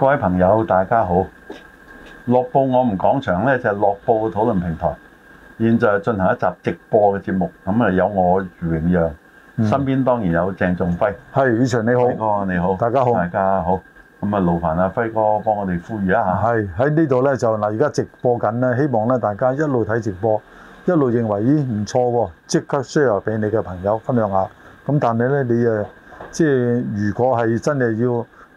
各位朋友，大家好！樂報我哋講場咧，就係、是、樂報討論平台。現在進行一集直播嘅節目，咁啊有我余榮讓，身邊當然有鄭仲輝。係，宇翔你好，輝哥你好，大家好，大家好。咁啊，勞煩啊，輝哥幫我哋呼籲一下。係喺呢度咧，就嗱，而家直播緊咧，希望咧大家一路睇直播，一路認為咦唔錯喎，即刻 share 俾你嘅朋友分享下。咁但係咧，你誒即係如果係真係要，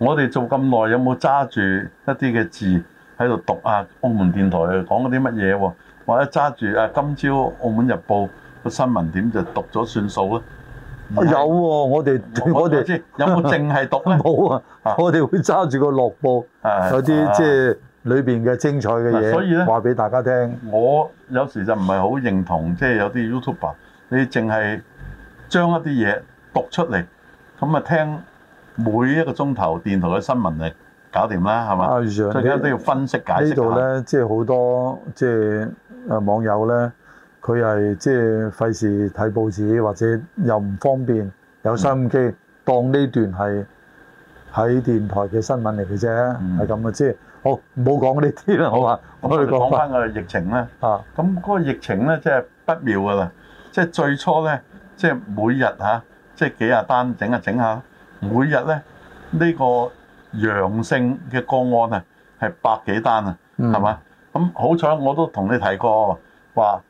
我哋做咁耐，有冇揸住一啲嘅字喺度讀啊？澳門電台講嗰啲乜嘢喎？或者揸住今朝澳門日報個新聞點就讀咗算數咧？有喎，我哋我哋有冇淨係讀咧？冇啊，我哋、 啊啊、會揸住個樂報、啊啊、有啲即係裏面嘅精彩嘅嘢，所以呢，話俾、啊、大家聽。我有時就唔係好認同，即、就、係、是、有啲 YouTuber，你淨係將一啲嘢讀出嚟咁啊聽。每一個鐘頭電台嘅新聞嚟搞掂啦，係嘛？所以而家都要分析解釋下、啊、呢度咧，即係好多即係誒網友咧，佢係即係費事睇報紙，或者又唔方便，有收音機當呢段係喺電台嘅新聞嚟嘅啫，係咁嘅啫。好，唔好講呢啲啦，好嘛？我哋講翻個疫情咧、就是就是就是。啊，咁嗰個疫情咧，即係不妙噶啦。即係最初咧，即係每日嚇，即係幾廿單整下整下。每日咧呢個陽性嘅個案啊，係百幾單啊，係嘛？咁好彩我都同你提過，話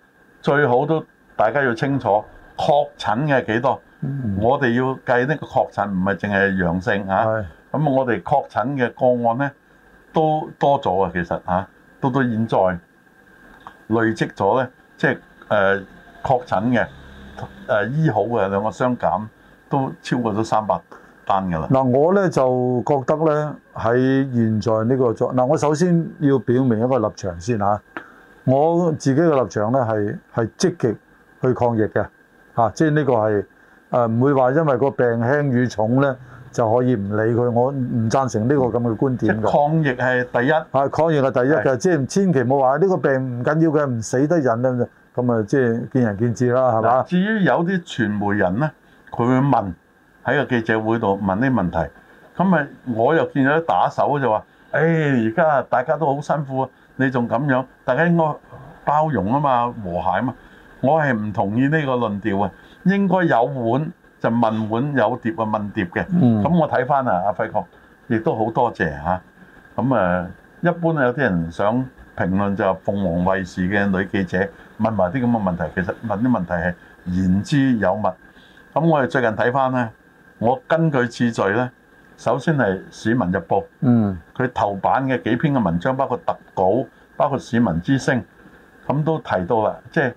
最好都大家要清楚確診嘅幾多。嗯、我哋要計呢個確診，唔係淨係陽性咁、啊、我哋確診嘅個案咧都多咗啊！其實、啊、都到到現在累積咗咧，即係誒確診嘅誒、呃、醫好嘅兩個相減都超過咗三百。嗱，我呢，就覺得呢，喺現在呢、呢個作，嗱，我首先要表明一個立場先吓、啊。我自己嘅立場呢，係係積極去抗疫嘅，吓、啊，即係呢個係誒唔會話因為個病輕與重呢，就可以唔理佢，我唔贊成呢個咁嘅觀點。抗疫係第一，係、啊、抗疫係第一嘅，即係千祈唔好話呢個病唔緊要嘅，唔死得人啊咁啊，即係見仁見智啦，係嘛？至於有啲傳媒人呢，佢會問。喺個記者會度問啲問題，咁啊，我又見到啲打手就話，誒，而家大家都好辛苦啊，你仲咁樣，大家應該包容啊嘛，和諧啊嘛。我係唔同意呢個論調嘅，應該有碗就問碗，有碟就問碟嘅。咁我睇翻啊，阿輝哥亦都好多謝嚇。咁啊，一般有啲人想評論就鳳凰衛視嘅女記者問埋啲咁嘅問題，其實問啲問題係言之有物。咁我哋最近睇翻咧。我根據次序咧，首先係《市民日報》，嗯，佢頭版嘅幾篇嘅文章，包括特稿，包括《市民之聲》，咁都提到啦。即係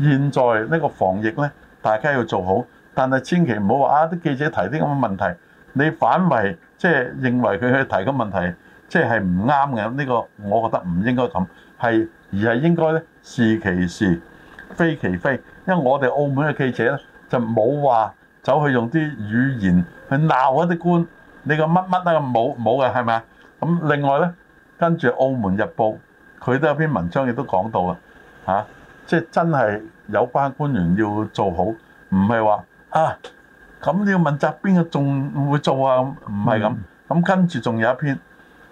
現在呢個防疫咧，大家要做好，但係千祈唔好話啊，啲記者提啲咁嘅問題，你反為即係認為佢去提嘅問題即係唔啱嘅。呢個我覺得唔應該咁，係而係應該咧是其是，非其非。因為我哋澳門嘅記者咧就冇話。走去用啲語言去鬧一啲官，你個乜乜啊冇冇嘅係咪啊？咁另外咧，跟住《澳門日報》佢都有一篇文章亦都講到啊，嚇，即係真係有班官員要做好，唔係話啊。咁你要問責邊個仲會做啊？唔係咁，咁、嗯、跟住仲有一篇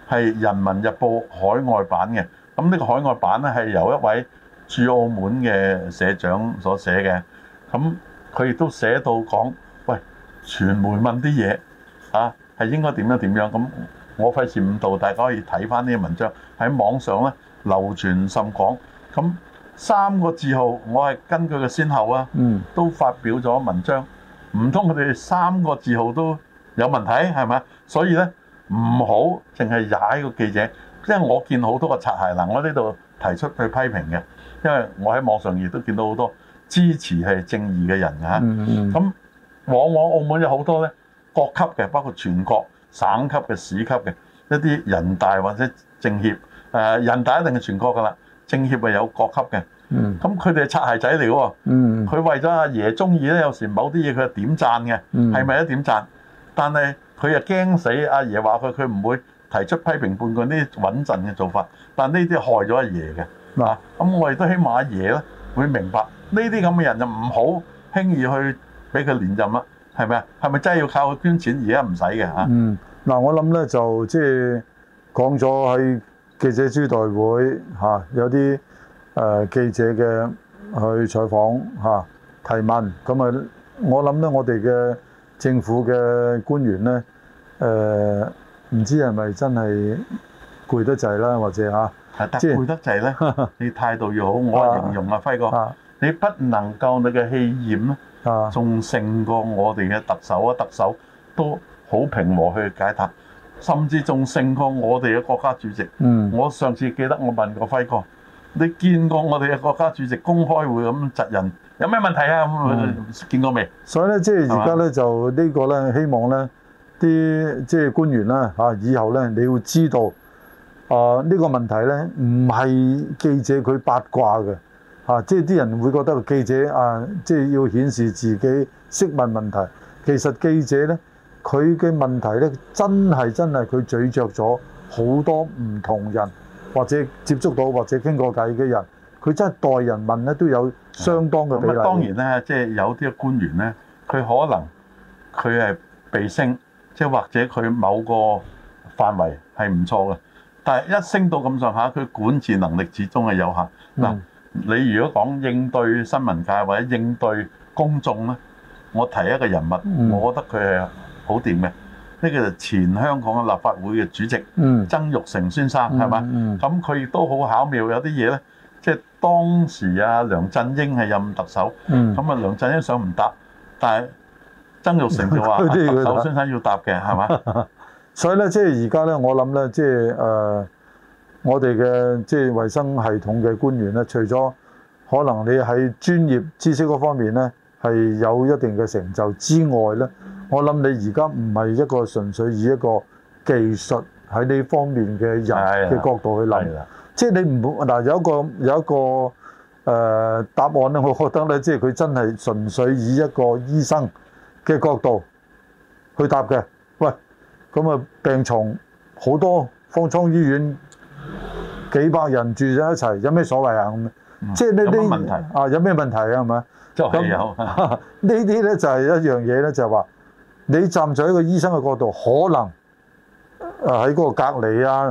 係《人民日報》海外版嘅，咁呢個海外版咧係由一位駐澳門嘅社長所寫嘅，咁佢亦都寫到講。傳媒問啲嘢啊，係應該點樣點樣咁？我費事誤導，大家可以睇翻呢個文章喺網上咧流傳甚廣。咁三個字號，我係根據嘅先後啊、嗯，都發表咗文章。唔通佢哋三個字號都有問題係咪？所以咧唔好淨係踩個記者，即係我見好多個擦鞋嗱，我呢度提出去批評嘅，因為我喺網上亦都見到好多支持係正義嘅人嗯嗯啊咁。往往澳門有好多咧，國級嘅，包括全國、省級嘅、市級嘅一啲人大或者政協。誒、呃，人大一定係全國㗎啦，政協係有國級嘅。嗯，咁佢哋擦鞋仔嚟㗎喎。嗯，佢為咗阿爺中意咧，有時某啲嘢佢係點讚嘅，係咪一點讚？但係佢又驚死阿爺話佢，佢唔會提出批評半句呢啲穩陣嘅做法。但呢啲害咗阿爺嘅。嗱、啊，咁我亦都希望阿爺咧會明白呢啲咁嘅人就唔好輕易去。俾佢連任啦，係咪啊？係咪真係要靠佢捐錢而家唔使嘅嚇？嗯，嗱，我諗咧就即係、就是、講咗喺記者招待會嚇、啊，有啲誒、呃、記者嘅去採訪嚇、啊、提問，咁啊，我諗咧我哋嘅政府嘅官員咧誒，唔、呃、知係咪真係攰得滯啦，或者嚇即係攰得滯咧？啊的就是、 你態度要好，我形容啊，輝哥， 你不能夠你嘅氣焰咧。仲勝過我哋嘅特首啊！特首都好平和去解答，甚至仲勝過我哋嘅國家主席、嗯。我上次記得我問過輝哥，你見過我哋嘅國家主席公開會咁窒人有咩問題啊？咁、嗯、見過未？所以咧，即係而家咧就個呢個咧，希望咧啲即係官員啦，嚇，以後咧你要知道啊，呢、呃呢個問題咧唔係記者佢八卦嘅。啊！即係啲人會覺得記者啊，即係要顯示自己識問問題。其實記者呢，佢嘅問題呢，真係真係佢咀嚼咗好多唔同人，或者接觸到或者傾過偈嘅人，佢真係代人問呢都有相當嘅。咁、嗯嗯、當然呢，即係有啲官員呢，佢可能佢係被升，即係或者佢某個範圍係唔錯嘅，但係一升到咁上下，佢管治能力始終係有限嗱。嗯你如果講應對新聞界或者應對公眾咧，我提一個人物，我覺得佢係好掂嘅。呢個就前香港嘅立法會嘅主席，曾玉成先生係嘛？咁佢亦都好巧妙，有啲嘢咧，即係當時啊梁振英係任特首，咁啊梁振英想唔答，但係曾玉成就話特首先生要答嘅係嘛？所以咧，即係而家咧，我諗咧，即係誒。我哋嘅即係衛生系統嘅官員咧，除咗可能你喺專業知識嗰方面咧係有一定嘅成就之外咧，我諗你而家唔係一個純粹以一個技術喺呢方面嘅人嘅角度去嚟諗，即係你唔好嗱有一個有一個誒、呃、答案咧，我覺得咧，即係佢真係純粹以一個醫生嘅角度去答嘅。喂，咁啊病床好多，方艙醫院。幾百人住咗一齊，有咩所謂啊？咁、嗯、即係你你啊有咩問題啊？係咪？即係有呢啲咧就係一樣嘢咧，就係話你站在一個醫生嘅角度，可能誒喺嗰個隔離啊、誒、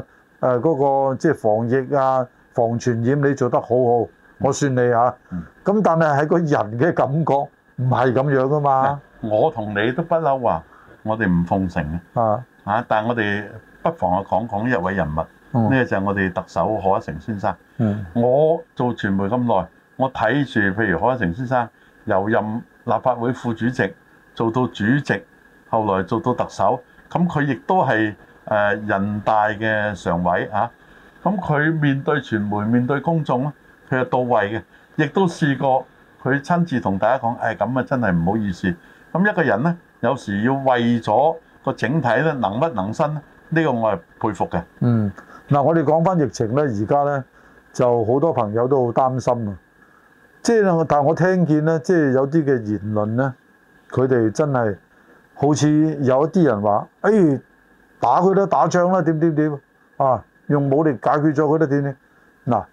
啊、嗰、嗰個即係防疫啊、防傳染，你做得好好，我算你嚇、啊。咁、嗯嗯、但係喺個人嘅感覺，唔係咁樣噶嘛。我同你都說不嬲話，我哋唔奉承啊！嚇，但係我哋不妨去講講一位人物。呢、這個就係我哋特首賀一誠先生。嗯、我做傳媒咁耐，我睇住譬如賀一誠先生由任立法會副主席做到主席，後來做到特首，咁佢亦都係誒、呃、人大嘅常委啊。咁佢面對傳媒、面對公眾咧，佢係到位嘅，亦都試過佢親自同大家講：誒咁啊，真係唔好意思。咁一個人咧，有時要為咗個整體咧，能屈能伸咧，呢、這個我係佩服嘅。嗯。嗱，我哋講翻疫情咧，而家咧就好多朋友都好擔心啊！即係，但係我聽見咧，即係有啲嘅言論咧，佢哋真係好似有一啲人話：誒、哎，打佢都打仗啦，點點點啊，用武力解決咗佢都點點。嗱、啊，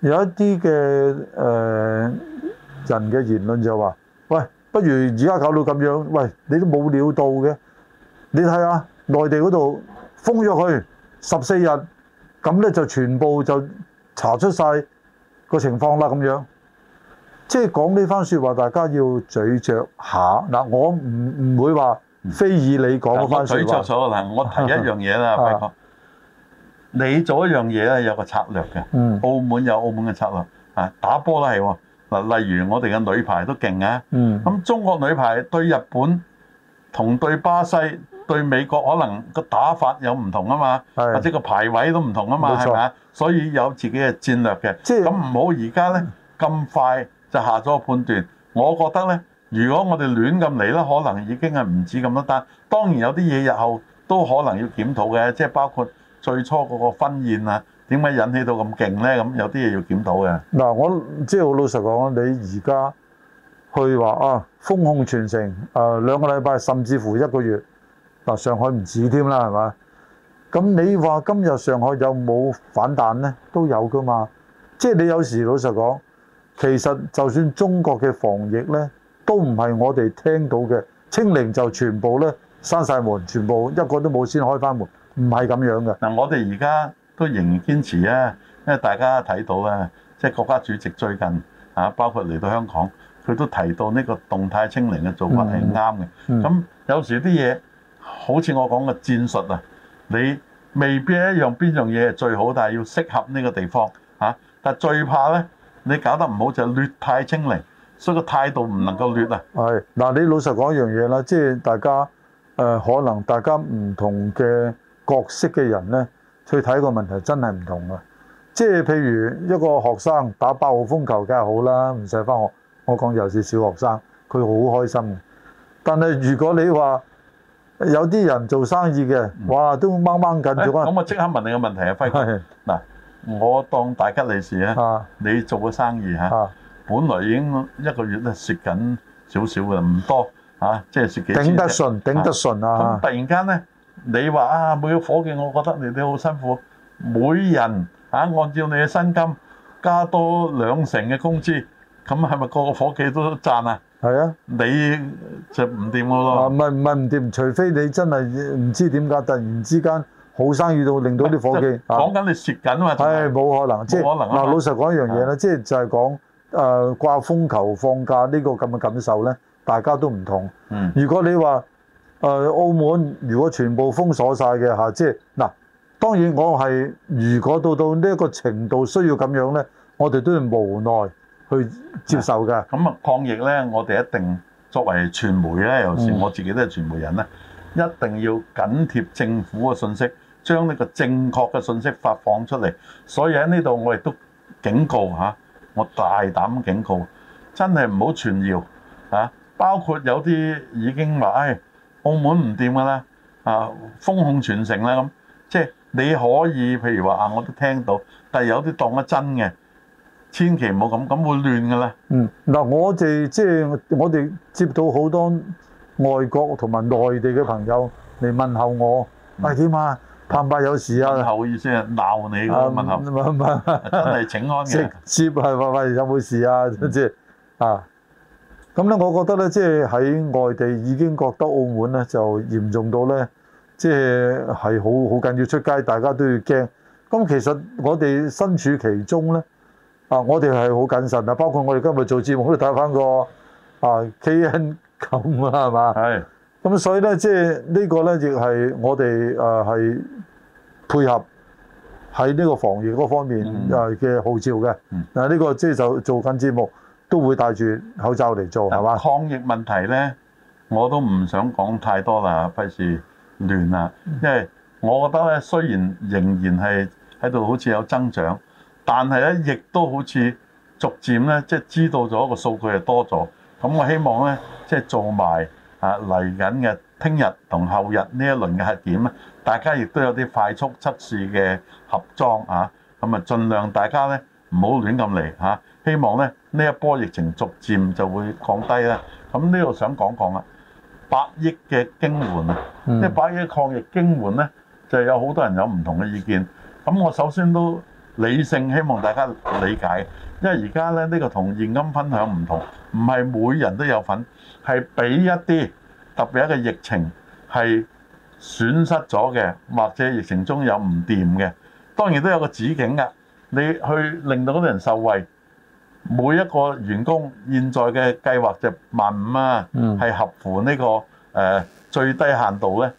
有一啲嘅誒人嘅言論就話：喂，不如而家搞到咁樣，喂，你都冇料到嘅，你睇下內地嗰度封咗佢。十四日咁咧就全部就查出晒個情況啦，咁樣，即係講呢番説話，大家要咀嚼下。嗱、啊，我唔唔會話非議你講嗰番話。咀嚼咗。嗱，我提一樣嘢啦、啊啊，你做一樣嘢咧有個策略嘅、嗯，澳門有澳門嘅策略啊，打波咧係喎嗱，例如我哋嘅女排都勁啊，嗯，咁中國女排對日本同對巴西，對美國可能個打法有唔同啊嘛，或者個排位都唔同啊嘛，係咪啊？所以有自己嘅戰略嘅。即係咁唔好而家咧咁快就下咗個判斷。我覺得咧，如果我哋亂咁嚟咧，可能已經係唔止咁多單。當然有啲嘢日後都可能要檢討嘅，即係包括最初嗰個婚宴啊，點解引起到咁勁咧？咁有啲嘢要檢討嘅。嗱，我即係好老實講，你而家去話啊，封控全城誒兩個禮拜，甚至乎一個月。嗱，上海唔止添啦，係嘛？咁你話今日上海有冇反彈呢？都有㗎嘛。即係你有時老實講，其實就算中國嘅防疫呢，都唔係我哋聽到嘅清零就全部呢，閂晒門，全部一個都冇先開翻門，唔係咁樣嘅。嗱，我哋而家都仍然堅持啊，因為大家睇到啊，即係國家主席最近啊，包括嚟到香港，佢都提到呢個動態清零嘅做法係啱嘅。咁、嗯嗯、有時啲嘢。好似我講嘅戰術啊，你未必一樣邊樣嘢係最好，但係要適合呢個地方嚇、啊。但係最怕咧，你搞得唔好就係劣態清零，所以個態度唔能夠劣啊。係嗱，你老實講一樣嘢啦，即係大家誒、呃、可能大家唔同嘅角色嘅人咧，去睇個問題真係唔同啊。即係譬如一個學生打八號風球梗係好啦，唔使翻學。我講尤其係小學生，佢好開心嘅。但係如果你話，有啲人做生意嘅，哇，都掹掹緊啊！咁我即刻問你個問題啊，輝哥。嗱，我當大吉利是啊。你做嘅生意嚇，本來已經一個月咧蝕緊少少嘅，唔多嚇，即係蝕幾千。頂得順，頂得順啊！咁突然間咧，你話啊，每個夥計，我覺得你哋好辛苦。每人嚇，按照你嘅薪金加多兩成嘅工資，咁係咪個個夥計都賺啊？係啊，你就唔掂咯。啊，唔係唔係唔掂，除非你真係唔知點解突然之間好生意到令到啲伙計講緊你蝕緊嘛？係冇、哎、可能，即冇可能。嗱，老實講一樣嘢啦，即係就係講誒、呃、掛風球放假呢個咁嘅感受咧，大家都唔同。嗯。如果你話誒、呃、澳門如果全部封鎖晒嘅嚇，即係嗱，當然我係如果到到呢一個程度需要咁樣咧，我哋都要無奈。去接受㗎，咁啊抗疫咧，我哋一定作為傳媒咧，尤其是我自己都係傳媒人咧，一定要緊貼政府嘅信息，將呢個正確嘅信息發放出嚟。所以喺呢度我亦都警告吓，我大膽警告，真係唔好傳謠啊。包括有啲已經話誒，澳門唔掂㗎啦，啊封控全城啦咁，即係你可以譬如話啊，我都聽到，但係有啲當得真嘅。千祈唔好咁，咁會亂嘅咧。嗯，嗱，我哋即係我哋接到好多外國同埋內地嘅朋友嚟問候我，喂，點啊？怕唔怕有事啊？問候意思係鬧你㗎問候，唔係唔係，真係請安嘅。接接係話喂有冇事啊？即係啊，咁咧，我覺得咧，即係喺外地已經覺得澳門咧就嚴重到咧，即係係好好緊要，出街，大家都要驚。咁其實我哋身處其中咧。啊！我哋係好謹慎啊，包括我哋今日做節目，我都睇翻個啊 KN95 咁啊，係嘛？係。咁所以咧，即、就、係、是、呢個咧亦係我哋啊係配合喺呢個防疫嗰方面啊嘅號召嘅。嗱、嗯，呢、啊呢個即係就做緊節目都會戴住口罩嚟做，係嘛？抗疫問題咧，我都唔想講太多啦，費事亂啦、嗯。因為我覺得咧，雖然仍然係喺度好似有增長。但係咧，亦都好似逐漸咧，即係知道咗個數據係多咗。咁我希望咧，即係做埋嚇嚟緊嘅聽日同後日呢一輪嘅核檢，大家亦都有啲快速測試嘅盒裝啊。咁啊，儘量大家咧唔好亂咁嚟嚇。希望咧呢一波疫情逐漸就會降低啦。咁呢度想講一講啊，百億嘅經援啊，即、嗯、百億嘅抗疫經援咧，就有好多人有唔同嘅意見。咁我首先都。理性希望大家理解，因為而家咧呢個同現金分享唔同，唔係每人都有份，係俾一啲特別一個疫情係損失咗嘅，或者疫情中有唔掂嘅，當然都有個止境㗎。你去令到啲人受惠，每一個員工現在嘅計劃就萬五啊，係合乎呢個誒最低限度咧，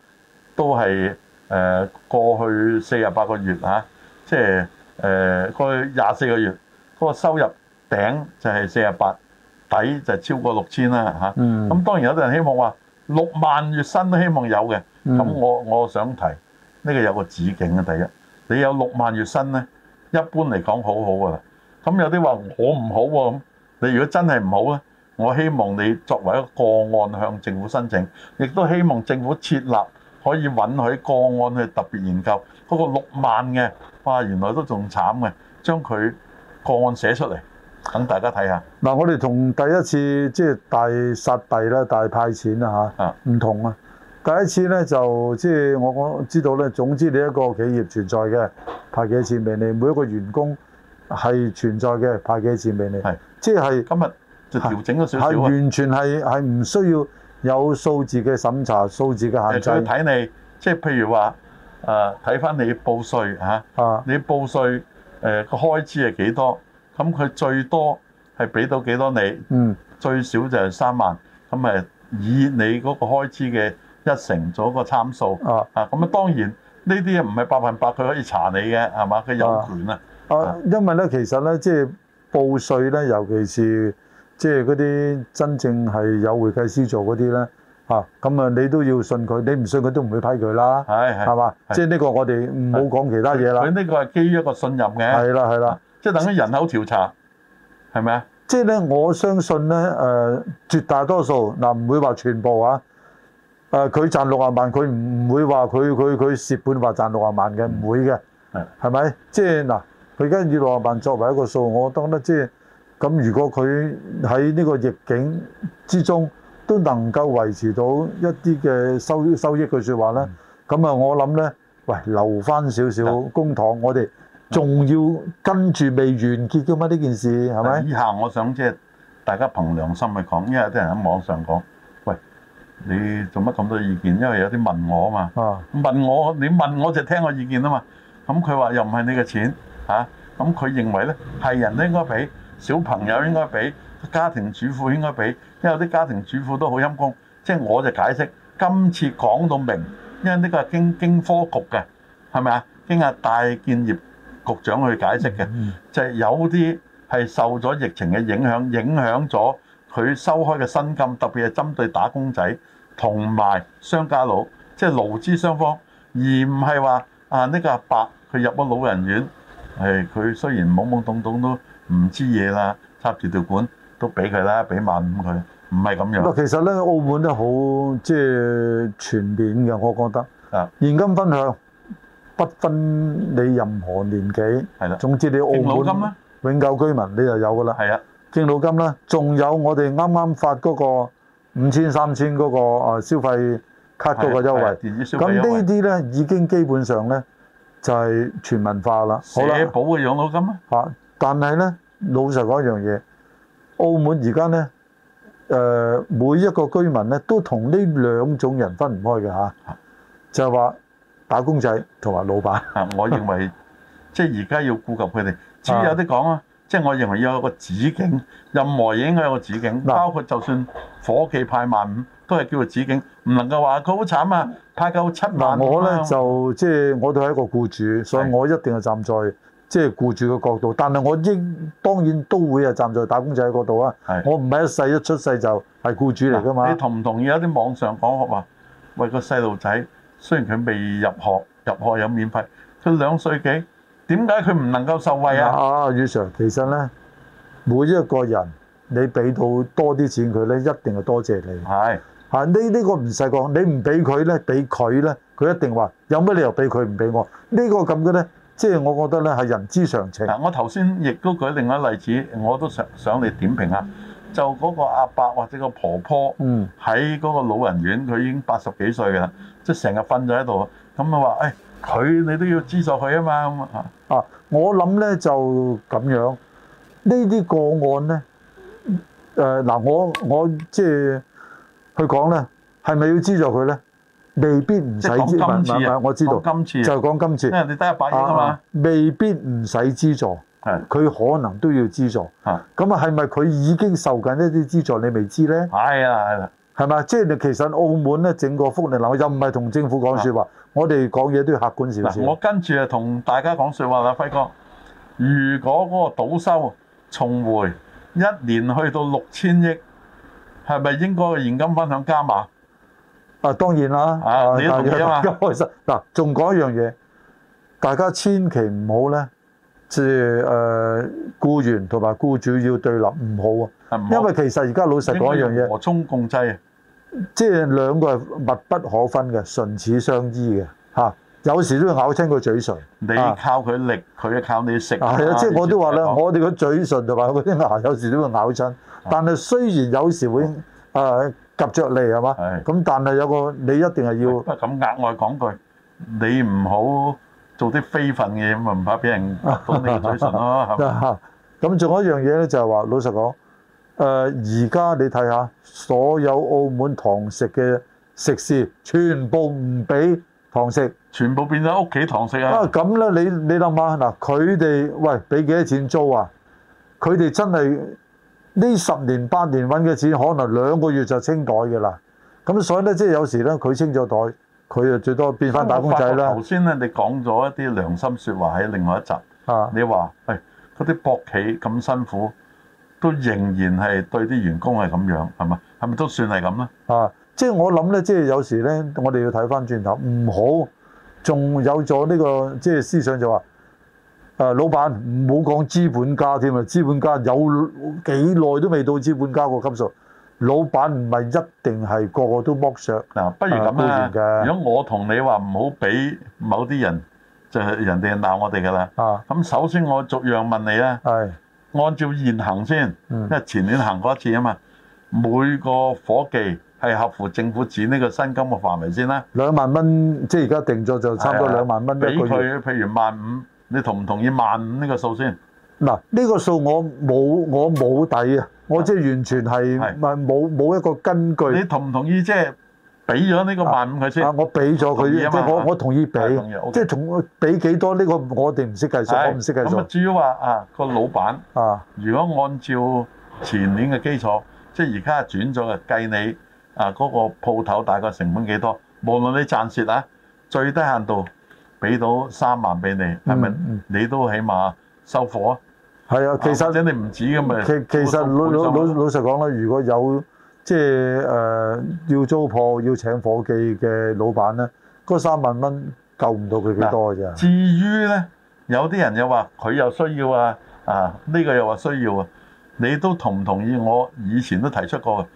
都係誒過去四十八個月嚇、啊，即係。誒過去廿四個月，嗰個收入頂,頂就係四十八，底就超過六千啦吓。咁當然有啲人希望話六萬月薪都希望有嘅。咁、嗯、我我想提呢、呢個有個止境嘅。第一，你有六萬月薪呢，一般嚟講好好㗎。咁有啲話我唔好喎？咁你如果真係唔好呢，我希望你作為一個,個案向政府申請，亦都希望政府設立可以允許個案去特別研究嗰個六萬嘅。哇！原來都仲慘嘅，將佢個案寫出嚟，等大家睇下。嗱、啊，我哋同第一次即係、就是、大殺幣啦，大派錢啦嚇，唔同啊！第一次咧就即係、就是、我知道咧，總之你一個企業存在嘅派幾多錢俾你，每一個員工係存在嘅派幾多錢俾你，即係今日就調整咗少少。係完全係係唔需要有數字嘅審查，數字嘅限制。睇你即係譬如話。啊！睇翻你報稅吓，啊你報稅誒個開支係幾多？咁佢最多係俾到幾多你？嗯，最少就係三萬。咁咪以你嗰個開支嘅一成做個參數啊。啊，咁啊當然呢啲唔係百分百佢可以查你嘅係嘛？佢有權啊。啊，因為咧其實咧即係報稅咧，尤其是即係嗰啲真正係有會計師做嗰啲咧。咁啊，你都要信佢，你唔信佢都唔會批佢啦，係係嘛，即係呢個我哋唔好講其他嘢啦。佢呢個係基於一個信任嘅，係啦係啦，即係等於人口調查，係咪啊？即係咧，我相信咧，誒、呃、絕大多數嗱，唔、呃、會話全部啊。誒、呃，佢賺六十萬，佢唔唔會話佢佢佢蝕本話賺六十萬嘅，唔會嘅，係咪？即係嗱，佢而家以六十萬作為一個數，我覺得即係咁，如果佢喺呢個逆境之中。都能夠維持到一啲嘅收收益，句説話呢，咁啊，我諗呢，喂，留翻少少公帑，我哋仲要跟住未完結嘅嘛？呢件事係咪？以下我想即係大家憑良心去講，因為有啲人喺網上講，喂，你做乜咁多意見？因為有啲問我啊嘛，問我，你問我就聽我意見啊嘛。咁佢話又唔係你嘅錢嚇，咁啊，佢認為呢，係人都應該俾，小朋友應該俾。家庭主婦應該俾，因為啲家庭主婦都好陰公。即係我就解釋，今次講到明，因為呢個係經科局嘅，係咪啊？經阿大建業局長去解釋嘅，就係有啲係受咗疫情嘅影響，影響咗佢收開嘅薪金，特別係針對打工仔同埋商家佬，即係勞資雙方，而唔係話啊呢個阿伯佢入咗老人院，係佢雖然懵懵懂懂都唔知嘢啦，插住條管。都俾佢啦，俾萬五佢，唔係咁樣。嗱，其實咧，澳門都好即係全面嘅，我覺得。啊，現金分享不分你任何年紀，係啦。總之你澳門永久居民，你就有㗎啦。係啊，敬老金啦，仲有我哋啱啱發嗰個五千三千嗰個啊消費卡嗰個優惠。咁呢啲咧已經基本上咧就係、是、全民化啦。好啦，社保嘅養老金啊。嚇！但係咧，老實講一樣嘢。澳門而家咧，誒、呃、每一個居民咧都同呢兩種人分唔開嘅嚇、啊，就係話打工仔同埋老闆。我認為 即係而家要顧及佢哋，至於有啲講啊，即係我認為要有一個止境，任何嘢應該有個止境、啊，包括就算伙計派萬五都係叫做止境，唔能夠話佢好慘啊，派夠七萬。嗱我咧、啊、就即係我都係一個僱主，所以我一定係站在即係僱主嘅角度，但係我應當然都會係站在打工仔嘅角度啊！我唔係一世一出世就係僱主嚟㗎嘛。你同唔同意一啲網上講話？喂個細路仔雖然佢未入學，入學有免費，佢兩歲幾？點解佢唔能夠受惠啊？啊，余 Sir，其實咧，每一個人你俾到多啲錢佢咧，一定係多謝你。係啊，呢呢個唔使講，你唔俾佢咧，俾佢咧，佢一定話有乜理由俾佢唔俾我？呢個咁嘅咧。即係我覺得咧係人之常情。嗱、啊，我頭先亦都舉另外一例子，我都想想嚟點評下。就嗰個阿伯或者個婆婆，嗯，喺嗰個老人院，佢已經八十幾歲㗎啦，即係成日瞓咗喺度。咁啊話誒，佢、哎、你都要資助佢啊嘛、嗯。啊，我諗咧就咁樣。呢啲個案咧，誒、呃、嗱，我我即係去講咧，係咪要資助佢咧？未必唔使資助今，我知道，講今次就講，係，今次，因為你得一百億嘛啊嘛。未必唔使資助，佢可能都要資助。咁啊，係咪佢已經受緊一啲資助？你未知咧？係啊，係啊，係咪？即係其實澳門咧，整個福利樓又唔係同政府講説話，係我哋講嘢都要客觀少少。我跟住啊，同大家講説話啦，輝哥，如果嗰個賭收重回一年去到六千億，係咪應該的現金分享加碼？啊，當然啦，大家開心。嗱，仲、啊、講一樣嘢，大家千祈唔好咧，即係誒僱員同埋僱主要對立，唔好啊。因為其實而家老實講一樣嘢，和衷共濟，即係兩個係密不可分嘅，唇齒相依嘅。嚇、啊，有時都要咬親個嘴唇。啊、你靠佢力，佢啊靠你食。係啊，即係我都話啦、啊，我哋個嘴唇就話嗰啲牙，有時都會咬親。但係雖然有時會誒。啊及著利係嘛？咁但係有個你一定係要。不咁額外講句，你唔好做啲非分嘢，咪唔怕俾人封你嘴唇咯。咁仲有一樣嘢咧，就係話老實講，誒而家你睇下，所有澳門堂食嘅食肆，全部唔俾堂食，全部變咗屋企堂食啊！啊咁咧，你你諗下嗱，佢哋喂俾幾多錢租啊？佢哋真係。呢十年八年揾嘅錢，可能兩個月就清袋嘅啦。咁所以咧，即係有時咧，佢清咗袋，佢就最多變翻打工仔啦。頭先咧，你講咗一啲良心說話喺另外一集。啊，你話，喂、哎，嗰啲博企咁辛苦，都仍然係對啲員工係咁樣，係咪？係咪都算係咁咧？啊，即係我諗咧，即係有時咧，我哋要睇翻轉頭，唔好仲有咗呢、這個即係思想就話。誒，老闆唔好講資本家添啊！資本家有幾耐都未到資本家個級數。老闆唔係一定係個個都剝削嗱，不如咁樣。如果我同你話唔好俾某啲人，就係人哋鬧我哋㗎啦。啊，咁首先我逐樣問你啦。係，按照現行先，因為前年行過一次啊嘛。每個夥計係合乎政府指呢個薪金嘅範圍先啦。兩萬蚊，即係而家定咗就差唔多兩萬蚊一個月。俾佢，譬如萬五。你同唔同意萬五呢個數先？嗱，呢個數我冇，我冇底啊！我即係完全係唔係冇冇一個根據。你同唔同意即係俾咗呢個萬五佢先？啊，我俾咗佢，即係我我同意俾。即係同俾幾多？呢個我哋唔識計算，我唔識計算。主要至話啊個老闆啊，如果按照前年嘅基礎，啊、即係而家轉咗嘅計你啊嗰、嗰個鋪頭大概成本幾多？無論你賺蝕啊，最低限度。俾到三萬俾你，係咪你都起碼收貨啊？係啊，其實即係你唔止咁啊。其其實，其實老老老老實講咧，如果有即係誒、呃、要租舖要請夥計嘅老闆咧，嗰三萬蚊救唔到佢幾多嘅啫。至於咧，有啲人又話佢又需要啊，啊呢、呢個又話需要啊，你都同唔同意？我以前都提出過，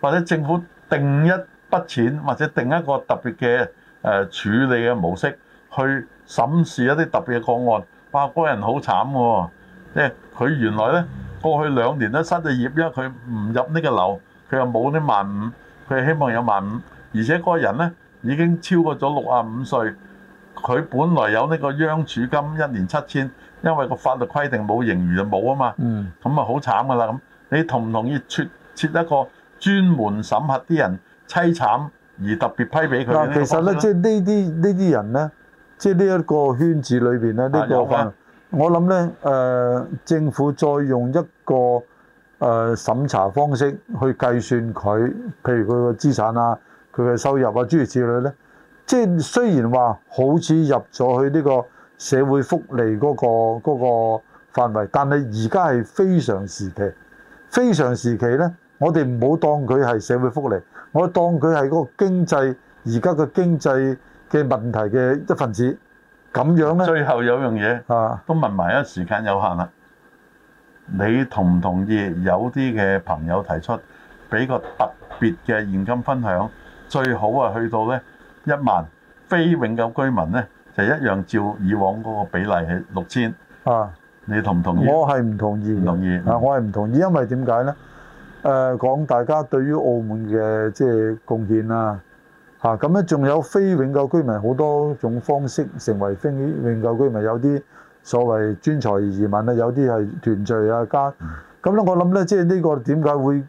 或者政府定一筆錢，或者定一個特別嘅誒、呃、處理嘅模式。去審視一啲特別嘅個案，哇！個、嗰個人好慘喎、哦。即係佢原來咧過去兩年都失咗業，因為佢唔入呢個樓，佢又冇呢萬五，佢希望有萬五，而且個個人咧已經超過咗六啊五歲，佢本來有呢個央儲金一年七千，因為個法律規定冇盈餘就冇啊嘛，咁啊好慘㗎啦！咁你同唔同意設設一個專門審核啲人凄慘而特別批俾佢？其實咧，即、即係、呢啲呢啲人咧。即係呢一個圈子裏邊咧，這個、範圍呢個我諗咧，誒、呃、政府再用一個誒、呃、審查方式去計算佢，譬如佢個資產啊、佢嘅收入啊諸如此類咧。即係雖然話好似入咗去呢個社會福利嗰、那個嗰、那個範圍，但係而家係非常時期。非常時期咧，我哋唔好當佢係社會福利，我當佢係嗰個經濟而家嘅經濟。嘅問題嘅一份子，咁樣咧，最後有樣嘢啊，都問埋啊，時間有限啦。你同唔同意有啲嘅朋友提出，俾個特別嘅現金分享，最好啊去到咧一萬，非永久居民咧就一樣照以往嗰個比例係六千啊。你同唔同意？我係唔同意，唔同意。嗱，我係唔同意，因為點解咧？誒，講大家對於澳門嘅即係貢獻啊。嚇咁咧，仲有非永久居民好多種方式，成為非永久居民，有啲所謂專才移民啊，有啲係團聚啊，加咁咧。我諗咧，即係呢個點解會？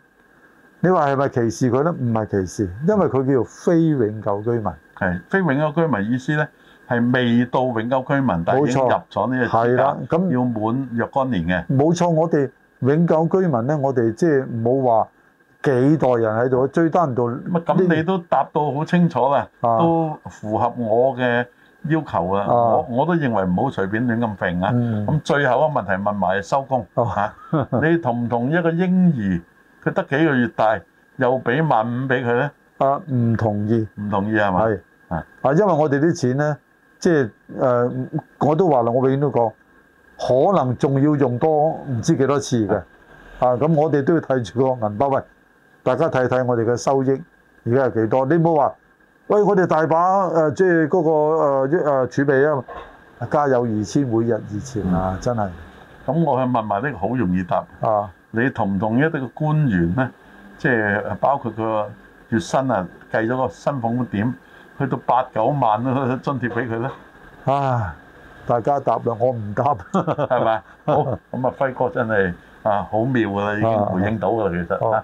你話係咪歧視佢咧？唔係歧視，因為佢叫做非永久居民。係非永久居民意思咧，係未到永久居民，但係已經入咗呢個資格。係啦，咁要滿若干年嘅。冇錯，我哋永久居民咧，我哋即係唔好話。幾代人喺度，追單到乜咁？你都答到好清楚啦，都符合我嘅要求啊！我我都認為唔好隨便亂咁評啊！咁最後一個問題問埋收工吓，你同唔同一個嬰兒？佢得幾個月大，又俾萬五俾佢咧？啊，唔同意，唔同意係咪？係啊，啊，因為我哋啲錢咧，即係誒，我都話啦，我永遠都講，可能仲要用多唔知幾多次嘅啊！咁我哋都要睇住個銀包喂。大家睇睇我哋嘅收益，而家係幾多？你冇話，喂，我哋大把誒，即係嗰個誒誒、呃、儲備啊，家有二千，每日二千。啊，真係。咁、嗯、我去問埋呢、呢個好容易答啊。你同唔同一啲官員咧，即、就、係、是、包括個月薪啊，計咗個薪俸點，去到八九萬都，津貼俾佢咧。啊，大家答啦，我唔答，係 咪？好，咁啊， 輝哥真係啊，好妙噶啦，已經回應到噶、啊，其實、啊